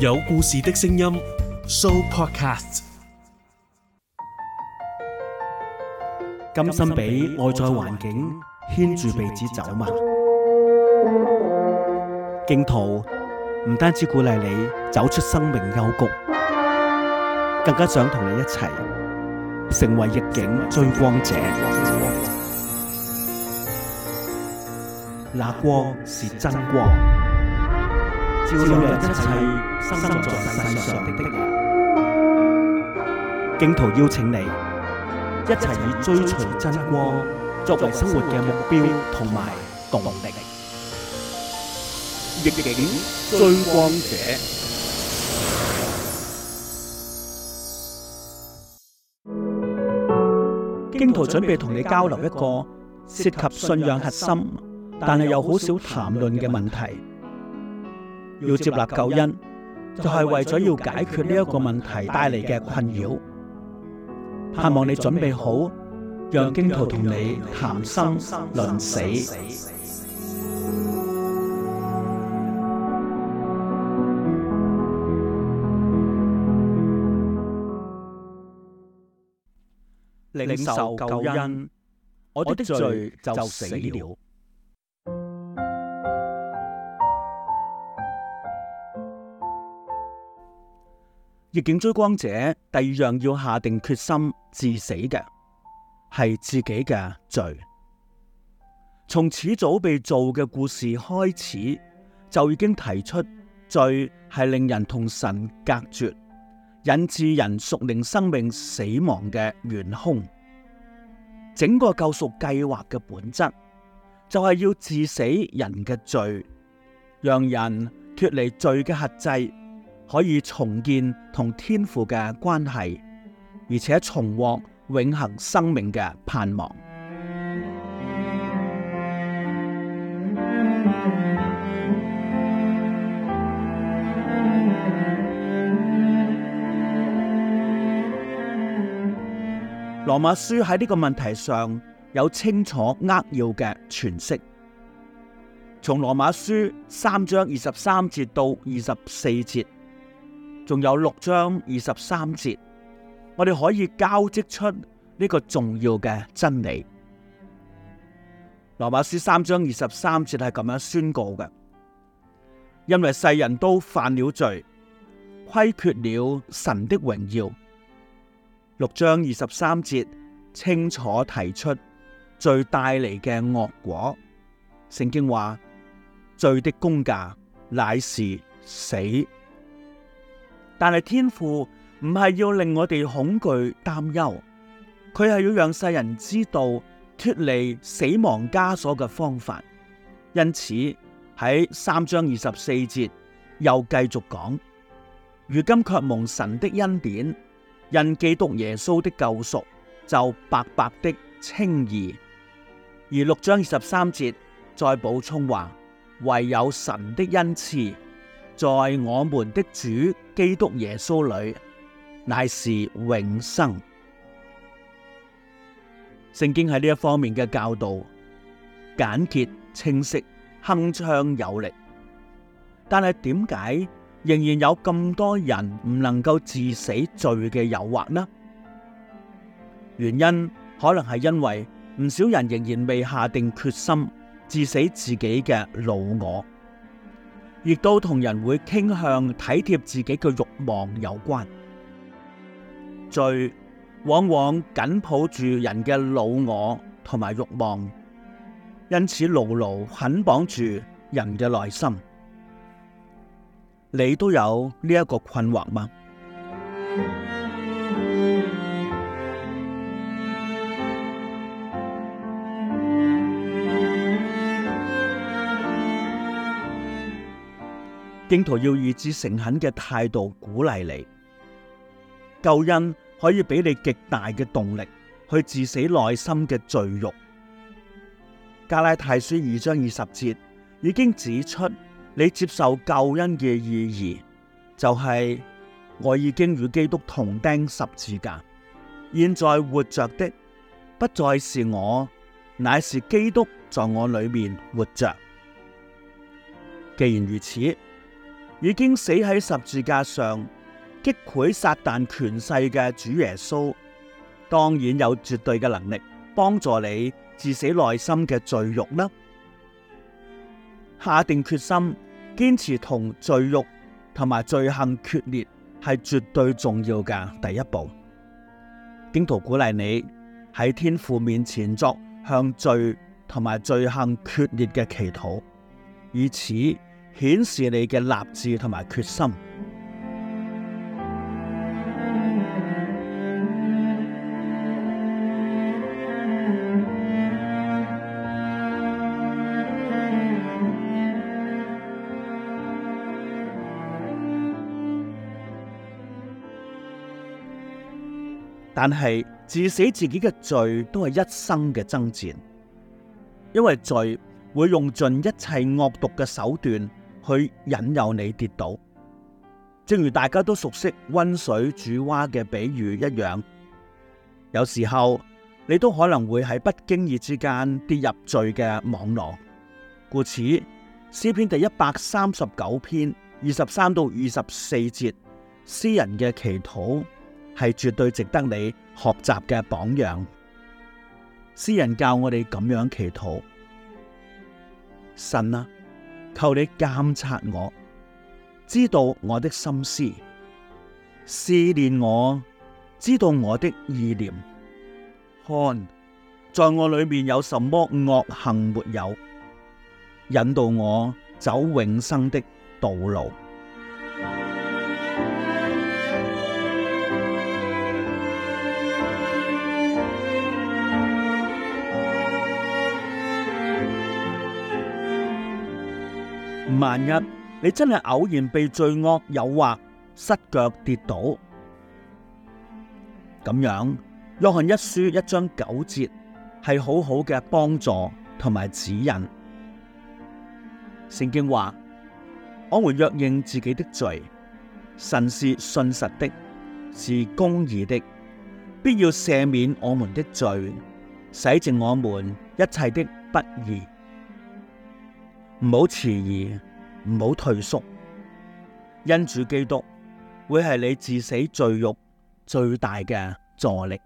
有故事的聲音，Show Podcast。甘心俾外在環境牽住鼻子走嗎？荊徒唔單止鼓勵你走出生命幽谷，更加想同你一齊成為逆境追光者。那光是真光。照亮一切生在世上的的人，荊徒邀請你一齊以追隨真光作為生活嘅目標同埋動力，逆境追光者。荊徒準備同你交流一個涉及信仰核心，但係又好少談論嘅問題。要接納救恩，就係為咗要解決呢一個問題帶嚟嘅困擾。盼望你準備好，讓荊徒同你談生論死，領受救恩，我的罪就死了。逆境追光者第二樣要下定決心治死嘅係自己嘅罪。從始早被造嘅故事開始就已經提出，罪係令人同神隔絕，引致人屬靈生命死亡嘅元凶。整個救贖計劃嘅本質就係、是、要治死人嘅罪，讓人脫離罪嘅轄制。可以重建同天父嘅關係，而且重獲永恒生命嘅盼望。羅馬書喺呢個問題上有清楚扼要嘅詮釋，從羅馬書三章二十三節到二十四節。仲有六章二十三節，我哋可以交織出呢個重要嘅真理。羅馬書三章二十三節係咁樣宣告嘅：因為世人都犯了罪，虧缺了神的榮耀。六章二十三節清楚提出罪帶嚟嘅惡果。聖經話：罪的公價乃是死。但係天父唔係要令我哋恐懼擔憂，佢係要讓世人知道脫離死亡枷鎖嘅方法。因此喺三章二十四節又繼續講，如今卻蒙神的恩典，因基督耶穌的救贖，就白白的稱義。而六章二十三節再補充話，唯有神的恩賜。在我們的主基督耶穌裏，乃是永生。聖經喺呢一方面嘅教導簡潔、清晰、鏗鏘有力。但係點解仍然有咁多人唔能夠治死罪嘅誘惑呢？原因可能係因為唔少人仍然未下定決心治死自己嘅老我。亦都同人會傾向體貼自己嘅慾望有關，罪往往緊抱住人嘅老我同埋慾望，因此牢牢捆綁住人嘅內心。你都有呢一個困惑嗎？荊徒要以至誠懇嘅態度鼓勵你，救恩可以俾你極大嘅動力去致死內心嘅罪欲。加拉太書二章二十節已經指出你接受救恩嘅意義，就係我已經與基督同釘十字架，現在活着的不再是我，乃是基督在我裏面活着。既然如此。已經死喺十字架上擊潰撒但權勢嘅主耶穌，當然有絕對嘅能力幫助你治死內心嘅罪欲啦。下定決心堅持同罪欲同埋罪行決裂係絕對重要嘅第一步。荊徒鼓勵你喺天父面前作向罪同埋罪行決裂嘅祈禱，以此。顯示你嘅立志同埋決心，但是，但係治死自己嘅罪都係一生嘅爭戰，因為罪會用盡一切惡毒嘅手段。佢引誘你跌倒，正如大家都熟悉溫水煮蛙嘅比喻一樣，有時候你都可能會喺不經意之間跌入罪嘅網絡。故此，詩篇第一百三十九篇二十三到二十四節，詩人嘅祈禱係絕對值得你學習嘅榜樣。詩人教我哋咁樣祈禱，神啊！求你監察我，知道我的心思，試煉我，知道我的意念，看在我裏面有什麼惡行沒有，引導我走永生的道路。萬一你真係偶然被罪惡誘惑，失腳跌倒，咁樣《約翰一書》一章九節係好好嘅幫助同埋指引。聖經話：我們若認自己的罪，神是信實的，是公義的，必要赦免我們的罪，洗淨我們一切的不義。唔好遲疑，唔好退縮，因主基督會係你治死罪慾最大嘅助力。